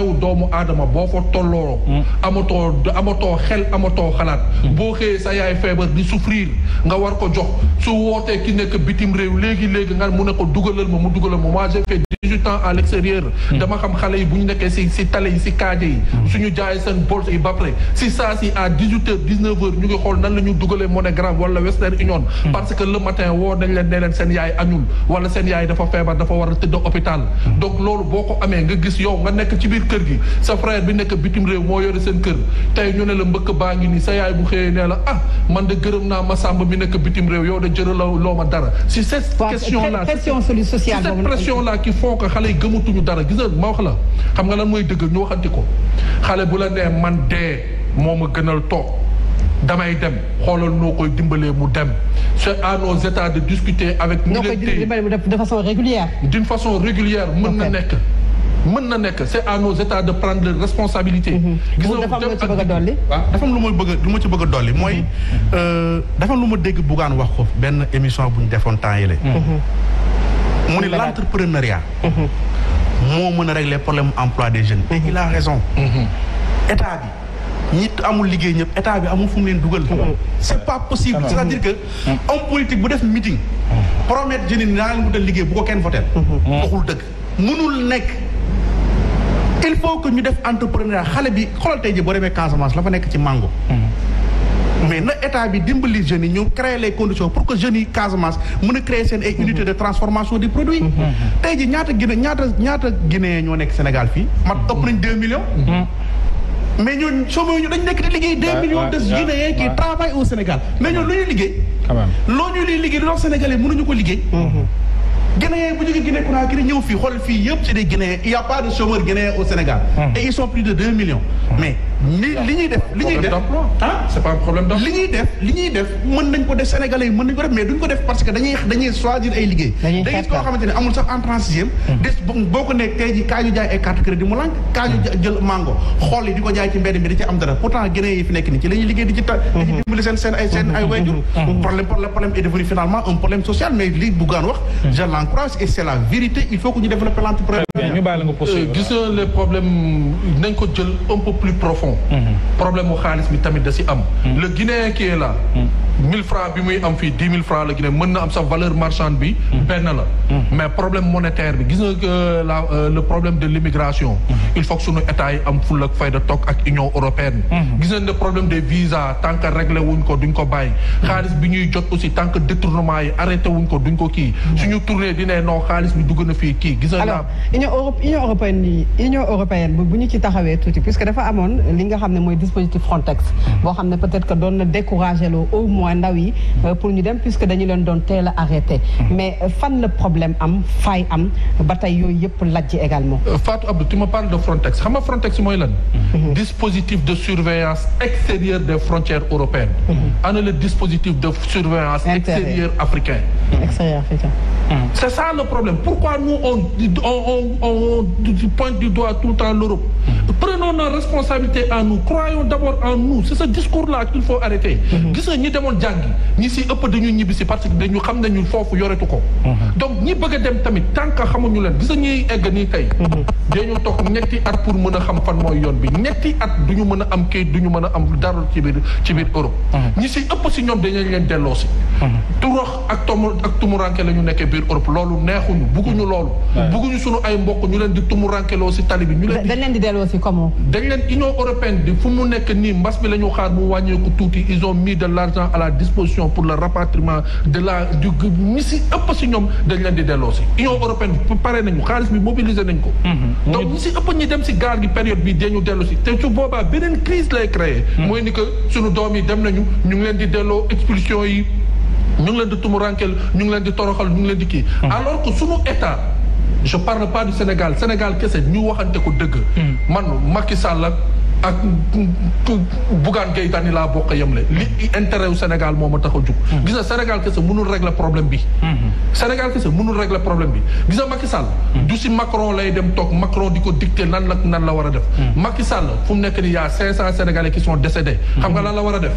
yow doomu aadama boo fa tolloo mm. amatoo amatoo xel amatoo xalaat mm. boo xëyee sa yaay feebar di souffrir nga war ko jox su wootee ki nekk bitim réew léegi léegi nga mu ne ko dugalal ma mu dugalal ma moi j'ai fait temps à l'extérieur dama xam xale yi bu ñu nekkee si si yi si kaaje yi hmm. suñu jaayee seen bourse yi ba si saa si à dix-huit ñu ngi xool nan la ñu dugalee MoneyGram wala Western Union hmm. parce que le matin woo dañ leen ne leen seen yaay añul wala seen yaay dafa feebar dafa war a tëdd hôpital hmm. donc loolu boo ko amee nga gis yow nga nekk ci biir kër gi sa frère bi nekk bitim réew moo yore seen kër tey ñu ne la mbëkk baa ngi nii sa yaay bu xëyee nee la ah man de gërëm naa ma sàmb bi nekk bitim réew yow de jërë loo ma dara si cette question xale yi gëmatuñu dara gis nga ma wax la xam nga lan mooy dëgg ñu waxanti ko xale bu la nee man dee moo ma gënal toog damay dem xoolal noo koy dimbalee mu dem c'est à nos états de discuter avec. ñu leen tey de façon régulière. d'une façon régulière mën na nekk. mën na nekk c'est à nos de prendre les responsabilités. Mhm. gis nga dafa am lu ma ci bëgg a dolli. dafa am lu ma bëgg lu ma ci bëgg a mooy. Mhm. Euh, dafa am lu ma dégg Bougane wax ko benn émission bu ñu defoon temps yële. Mhm. mu ni l' entrepreneuriat. moo mën a régler problème emploi des jeunes. mais mhm. il a raison. Mhm. état bi. ñi amul liggéey ñëpp état bi amul fu mu leen dugal. Mhm. c' est pas possible c' à dire que. homme politique bu def meeting. promettre jeunes yi naa leen wutal liggéey bu ko kenn voté. waxul nekk. il faut que ñu def entrepreneuriat xale bi xoolal tey ji boo demee Casamance la fa nekk ci mango. mais na état bi dimbali jeunes yi ñu créer les pour que jeunes yi Casamance mën a créer seen ay mhm. unité de transformation des produits mhm. tey ji ñaata Guinée ñaata ñaata Guinée ñoo nekk Sénégal fii mat mhm. ëpp nañ deux millions mais ñun chômeurs ñu dañ nekk di liggéey deux millions de Guinéens qui travaillent au Sénégal mais ñun lu ñuy liggéey loo ñu liy liggéey lu dox Sénégalais mënuñu ko liggéey Guinéens bu jógee Guinée Conakry ñëw fii xool fii yëpp c'est des Guinéens il y mais li li ñuy def li ñuy def ah c'est pas un problème d'emploi li ñuy def li ñuy def mën nañ ko def sénégalais yi mën nañ ko def mais duñ ko def parce que dañuy dañuy choisir ay liggéey da gis koo xamante ne amul sax entrée en sixième des boo ko nekk tey ji kaa ñu jaay ay carte crédit mu lànk kaa ñu hmm. jël mango xool yi di ko jaay ci mbedd mi di ci am dara pourtant Guinée yi fi nekk nii ci la ñuy liggéey di ci ta di ci hmm. dimbali seen seen ay seen hmm. ay wayjur problème problème est devenu finalement un problème social mais li Bougane wax je l'encourage et c'est la vérité il faut que ñu développer l'entrepreneuriat euh, gis nga les problèmes nañ ko jël un peu plus profond fonds. Mhm. problème mu xaalis bi tamit da si am. Mhm. le Guinéen qui est là. 1000 mhm. francs bi muy am fii 10 000 francs la Guinée mën na am sax valeur marchande bi. benn la. mais problème monétaire bi gis nga euh, la euh, le problème de l' immigration. il faut que sunu état yi am ful ak fayda toog ak Union européenne. gis nañ ne problème des visas tant que wuñ ko duñ ko bàyyi. xaalis bi ñuy jot aussi tant détournement yi arrêté wuñ ko duñ ko kii. suñu tournée di ne non xaalis bi dugg li nga xam ne mooy dispositif Frontex boo xam ne peut-être que doon na découragé loo au moins ndaw yi euh, pour ñu dem puisque dañu leen doon teel a arrêté mais fan la problème am faay am ba tey yooyu yëpp lajj également euh, Fatou Abdou tu me parles de Frontex xam nga Frontex mooy lan mhm. dispositif de surveillance extérieure des frontières européennes mhm. ana le dispositif de surveillance extérieure africain extérieur africain Mm. C'est ça le problème. Pourquoi nous, on, on, on, on pointe du doigt tout temps l'Europe mm. Prenons nos responsabilités en nous, croyons d'abord en nous. C'est ce discours-là qu'il faut arrêter. Mm-hmm. Gis nga ñi demoon jàngi ñi si ëpp dañu ñibbi si parce que dañu xam nañu foofu yoretu ko. Mm-hmm. donc ñi bëgg a dem tamit tant que xamuñu leen gis nga ñuy egg nii tey. Mm-hmm. dañoo toog ñetti at pour mën a xam fan mooy yoon bi ñetti at du ñu mën a am kayit du ñu mën a am dara ci biir ci biir Europe. ñi si ëpp si ñoom biir Europe loolu neexuñu bugguñu loolu bugguñu suñu ay mbokk ñu leen di tumurankeloo si tali bi ñu leen dañ leen di delloo si comment dañ leen union européenne di fu mu nekk nii mbas bi la ñu xaar mu wàññeeku tuuti ils ont de l'argent la disposition pour le rapatriement de la dañ leen di delloo si union européenne pare nañu xaalis bi mobiliser nañ ko mm-hmm. donc ñi si ëpp ñi dem si gaal gi période bi dañu dellu si te su boobaa beneen crise lay créer mm-hmm. mooy ni que suñu doom yi dem nañu ñu ngi leen di delloo expulsion yi ñu ngi leen di tumurankeel ñu ngi leen di toroxal ñu ngi leen di kii hmm. alors que sunu état je parle pas du Sénégal Sénégal kese ñu waxante ko dëgg hmm. man Macky Sall ak Bougane Gueye Dany laa bokk yemle hmm. li intérêt wu Sénégal moom ma tax a jug gis nga Sénégal kese mënul régler problème bi Sénégal kese mënul régler problème bi gis nga Macky Sall du si Macron lay dem toog Macron di ko dicté nan la nan la war a def Macky Sall fu mu nekk nii y a cinq cent Sénégalais nga lan la war a def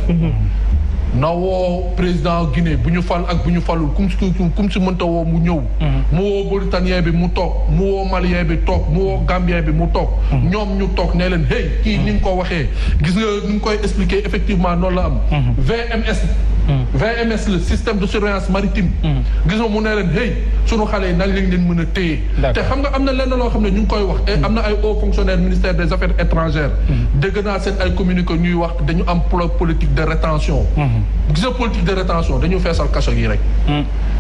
na woo président Guinée bu ñu fal ak bu ñu falul kum comme kum si mënta woo mu ñëw. Mhm. mu woo mauritanien bi mu toog mu woo malien bi toog mu woo gambien bi mu toog. Mhm. ñoom ñu toog nee leen hey kii ni nga ko waxee gis nga ni nga koy expliquer effectivement noonu la am. Mhm. VMS. Mm. VMS le système de surveillance maritime. Mm. gis nga mu ne leen hey sunu xale yi nañ lañ leen mën a téye. te xam nga am na lenn loo xam ne ñu ngi koy wax. te eh, mm. am na ay hauts fonctionnaires ministère des affaires étrangères. dégg naa seen ay communiqué ñuy wax dañu am politique de rétention mm-hmm. gis nga politique de rétention dañu feesal kaso yi rek.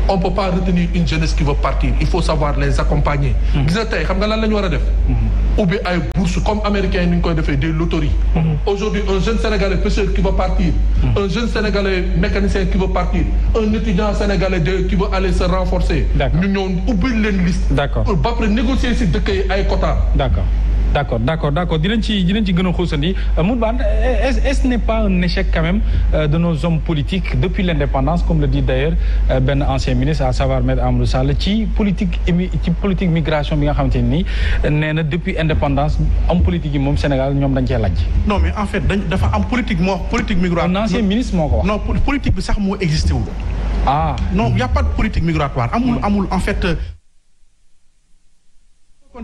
on peut pas retenir une jeunesse qui veut partir il faut savoir les accompagner. gis nga tey xam nga lan la ñu war a def. Mm-hmm. ubbi ay bourse comme américain yi ni ñu koy defee des loteries. Mhm. aujourd'hui un jeune sénégalais pêcheur qui veut partir. Mhm. un jeune sénégalais mécanicien qui veut partir un étudiant sénégalais de qui veut aller se renforcer. ñu ñëw ubbi leen liste. d'accord ba pare négocier si dëkk ay quotas. d'accord d' accord d' accord d' accord dinañ ci dinañ ci gën a xuusandi euh, Modou est ce n' est pas un échec quand même euh, de nos hommes politiques depuis l' indépendance comme la dit d' ailleurs euh, benn ancien ministre à savoir maître Amadou Sall ci politique ci politique migration bi nga xamante ni nee na depuis indépendance am politique yi moom Sénégal ñoom dañ cee laaj. non mais en fait dañ dafa am politique moo politique migratoire. un ancien ministre moo ko wax. non politique bi sax moo existé wul. ah a pas de politique amul amul en fait. kon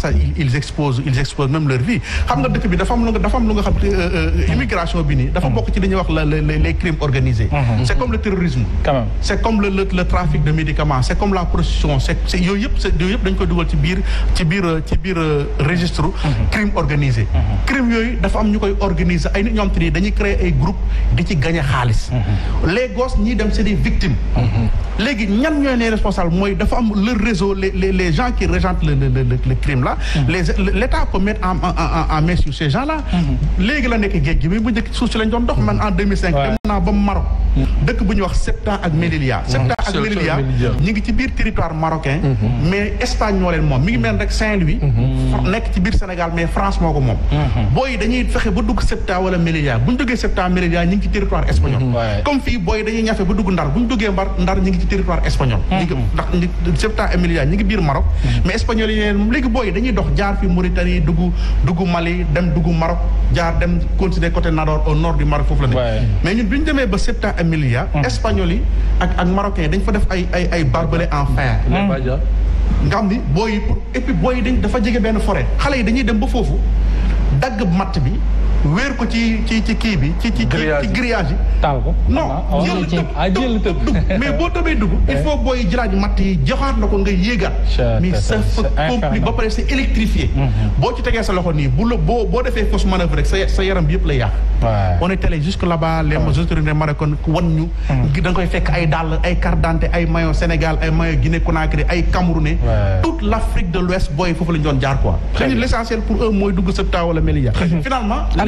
passage ils exposent ils exposent même leur vie xam nga dëkk bi dafa am lu nga xam euh, euh, immigration bi nii dafa mm-hmm. bokk ci li wax la les crimes organisés mm-hmm. c' est comme le terrorisme c' comme le le de médicaments c' comme la prostitution yooyu yëpp yooyu yëpp dugal ci biir ci euh, mm-hmm. crime organisé crime yooyu dafa am ñu koy organiser ay nit ñoo xam te créer ay groupe di ci gagné xaalis les ñii dem c' est des léegi ñan ñooy les responsables mooy dafa là les l'État peut mettre en en main sur ces gens là mm-hmm. léegi la nekk géej gi mais bu njëkk suuf si man en 2005 dem naa ba Maroc dëkk bu ñuy wax Ceuta ak Melilla. Ceuta mhm. ak Melilla ñu ngi ci biir territoire marocain. Mhm. mais Espagne moom mi ngi mel rek Saint-Louis. Mhm. nekk ci biir Sénégal mais France moo ko moom. booy dañuy fexe ba dugg Ceuta wala Melilla bu ñu duggee Ceuta Melilla ñu ngi ci territoire espagnol. comme fii booy dañuy ñafe ba dugg Ndar bu ñu duggee Ndar ñu ngi ci territoire espagnol. ndax Ceuta ñu ngi biir Maroc. mais espagnol léegi booy dañuy dox jaar fi Mauritanie Almería mm. espagnol yi ak ak marocain yi dañ fa def ay ay ay barbelé en fer mm. nga xam ni booy et boo yi dañ dafa jege benn fore xale yi dañuy dem ba foofu dagg matt bi wéer ko ci ci ci kii bi ci ci ci grillage yi taal ko non ah, ah, jël ah, tëb mais boo tëbee dugg il faut booy jëlaat matt yi joxaat na ko nga yéegaat mais sa fa compli ba pare c'est électrifié mhm. boo ci tegee sa loxo nii bu la boo boo defee fausse manœuvre rek sa sa yaram bi yëpp lay yàq on est allé jusque là-bas les autorités marocaines wan ñu mhm. da nga koy fekk ay dàll ay carte d'identité ay maillot Sénégal ay maillot Guinée Conakry ay Camerounais toute l'Afrique de l'Ouest booy foofu la ñu doon jaar quoi xëy na pour eux mooy dugg sa taa wala Melilla mhm. finalement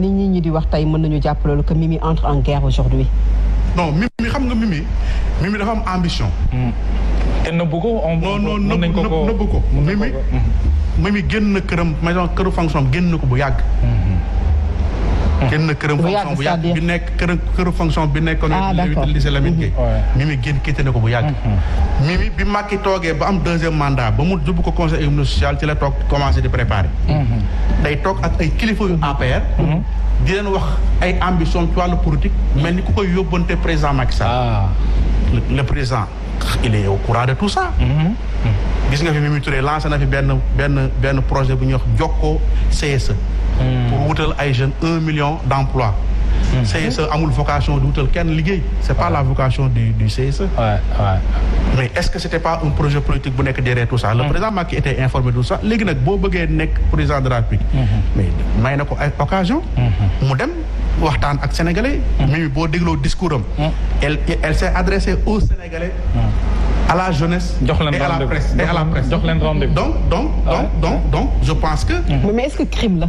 ni ñi ñi di wax tey mën nañu jàpp loolu que Mimi entre en guerre aujourd'hui non Mimi xam nga Mimi Mimi dafa am ambition. Mm. te nëbbu ko on. non non nëbbu ko nëbbu ko Mimi mm. Mimi génn këram maison këru fonction génn ko bu yàgg. Mm. génn këram fonction bu yàgg bi nekk këram këram fonction bi nekkoon ah, lycée Lamine Gueye Mimi génn quitté na ko bu yàgg mm-hmm. Mimi bi Macky toogee ba am deuxième mandat ba mu jubbu ko conseil économique social ci la toog commencé di préparer day mm-hmm. toog ak ay kilifa yu APR mm-hmm. di leen wax ay ambition ci wàllu politique mel ni ku koy yóbbante président Macky Sall ah. le président il est au courant de tout ça gis nga fi mu Touré lancé na fi benn benn benn projet bu ñu wax jokkoo CSE Hmm. pour wutal ay jeunes un million d' emploi hmm. CSE amul vocation di wutal kenn liggéey c' est pas la vocation du du CSE mais est ce que c' pas un projet politique bu nekk derrière tout ça le hmm. président Macky était informé tout ça léegi nag boo nekk président de la République mais may ay occasion mu dem waxtaan ak sénégalais mais boo dégloo discours elle elle adressée aux sénégalais à la jeunesse et à la presse donc donc donc je pense que mais est ce que crime la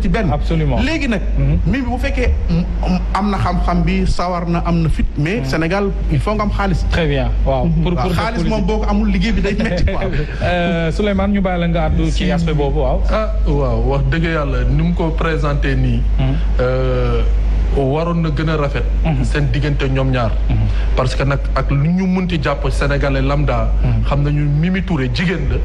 ci benn. absolument léegi nag. Mhm. mi bu fekkee am na xam-xam bi sawar na am na fit mais mhm. Sénégal il faut nga am xaalis. très bien waaw mhm. pour pour xaalis moom boo ko amul liggéey bi day métti quoi. Euh, ñu bàyyi la nga àddu ci aspect boobu waaw. ah waaw wax dëgg yàlla ni mu ko présenté nii. Euh, waroon na gën a rafet. seen diggante ñoom ñaar. parce que nag ak lu ñu munti jàpp sénégalais lambda. xam nañu Mimi Touré jigéen la.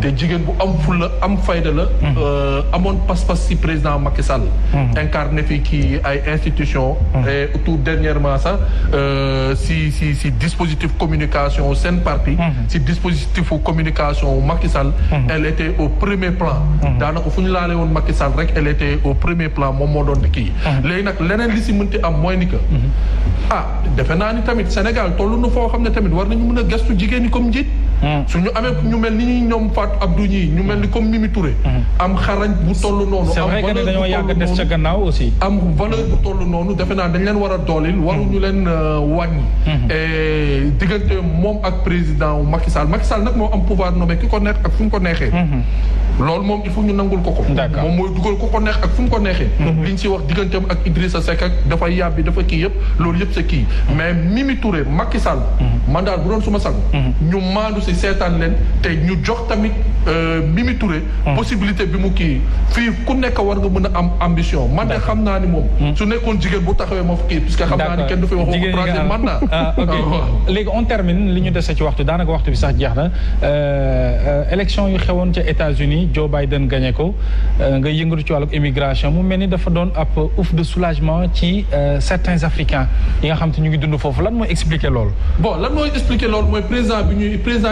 te jigéen bu am la am fayda la. Mm-hmm. Euh, amoon pas-pas si président Macky Sall. Mm-hmm. incarné fi kii ay institution mm-hmm. et tout dernièrement sax si si si dispositif communication seen parti. si dispositif communication Macky Sall. elle était au premier plan. daanaka fu ñu laalee woon Macky Sall rek elle était au premier plan moom moo doon kii. léegi nag leneen li si mënti am mooy ni que. ah defe naa ni tamit Sénégal tollu na foo xam ne tamit war nañu mun a gestu jigéen ñi comme njiit. Mm. suñu amee ñu mel ni ñuy ñoom Fatou Abdou ñii ñu mel ni comme Mimi Touré. Mm. am xarañ bu toll noonu. am valeur bu dañoo yàgg des ca gannaaw aussi. am noonu defe naa dañ leen war a dooleel. waruñu mm. leen euh, wàññi. Mm-hmm. et diggante moom ak président wu Macky Sall Macky Sall nag moo am pouvoir nommé ki ko neex ak fu ko neexee. Mm-hmm. loolu moom il faut ñu nangul ko ko. moom mooy dugal ko ko neex ak fu ko neexee. Mm-hmm. liñ ci wax digganteem ak sa Seck ak dafa yàbbi dafa kii yëpp loolu yëpp c'est kii mais Mimi Touré Macky Sall. si seetaan leen te ñu jox tamit euh, Mimi Touré. Hmm. possibilité bi mu kii fii ku nekk war nga mën a am ambition man de xam naa ni moom. Hmm. Hmm. su nekkoon jigéen bu taxawee ma fa kii puisque xam naa ni kenn du fi wax waxu troisième mandat. ah ok ah, léegi on termine li ñu dese ci waxtu daanaka waxtu bi sax jeex na euh, euh, élection yu xewoon ca États-Unis Joe Biden gagné ko nga yëngatu ci wàllu immigration mu mel ni dafa doon ab ouf de soulagement ci certains africains yi nga xam te ñu ngi dund foofu lan mooy expliquer loolu.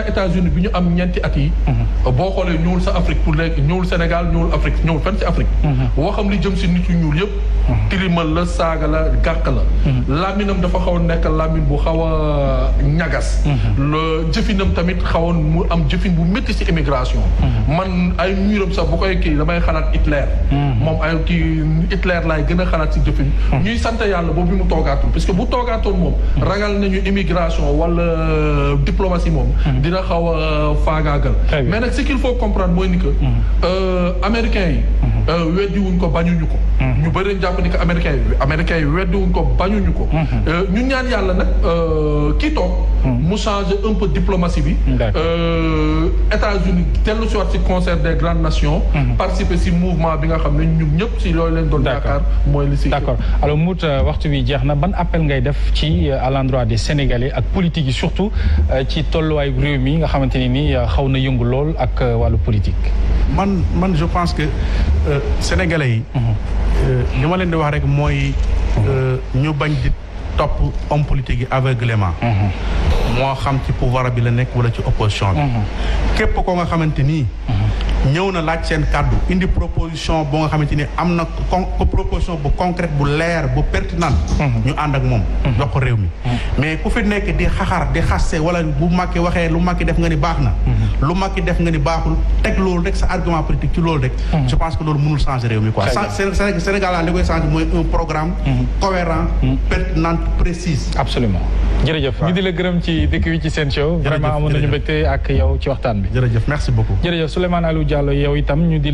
pourtant États-Unis bi ñu am ñeenti at yi mhm. boo xoolee ñëwul sa Afrique pour léegi ñëwul Sénégal ñëwul Afrique ñëwul fenn ci Afrique woo mhm. li jëm si nit ñuul yëpp mhm. tilimal la saaga la gàq la làmminam dafa xaw a nekk làmmin bu xaw a ñagas le jëfinam tamit xawoon mu am jëfin bu métti si immigration man ay muuram sax bu koy kii damay xalaat Hitler moom ay kii Hitler laay gën a xalaat si jëfin ñuy sant yàlla boobu mu toogaatul parce que bu toogaatoon moom ragal nañu immigration wala diplomatie dina xaw a euh, faagaagal mais nag ce qu'il faut comprendre mooy ni que mm-hmm. euh, américains yi mm-hmm. Euh, weddi wuñ ko bañuñu ko mm-hmm. ñu bëri jàpp ni américain bi américain yi weddi wuñ ko bañuñu ko mm-hmm. euh, ñu ñaar yàlla nag euh, kii toog mm-hmm. mu changer un peu diplomatie bi États-Unis dellu si waat si concert des grandes nations participer si mouvement bi nga xam ne ñu ñëpp si loolu leen doon yaakaar mooy li si d'accord alors Mout waxtu wi jeex na ban appel ngay def ci à l'endroit des Sénégalais ak politique yi surtout ci tolluwaayu réew mi nga xamante ni ni xaw na yëngu lool ak wàllu politique Euh, sénégalais yi. Mhm. Euh, li ma leen di wax rek mooy. Mhm. Euh, ñu bañ di topp homme politique yi aveuglément. Mhm. moo xam ci pouvoir bi la nekk wala ci opposition bi. képp ko nga xamante ni. ñëw na laaj seen kàddu indi proposition boo nga xamante ni am na ko proposition bu concrète bu leer bu pertinent mhm. ñu ànd ak moom mhm. jox réew mi mhm. mais ku fi nekk di xaxar di xaste wala bu Macky waxee lu Macky def nga ni baax na lu Macky def nga ni baaxul teg loolu rek sa argument politique ci loolu rek je pense que loolu mënul changer réew mi quoi Sénégal laa li koy changer mooy un programme cohérent pertinent précis absolument jërëjëf ñu di la gërëm bi jërëjëf merci Diallo yow itam ñu di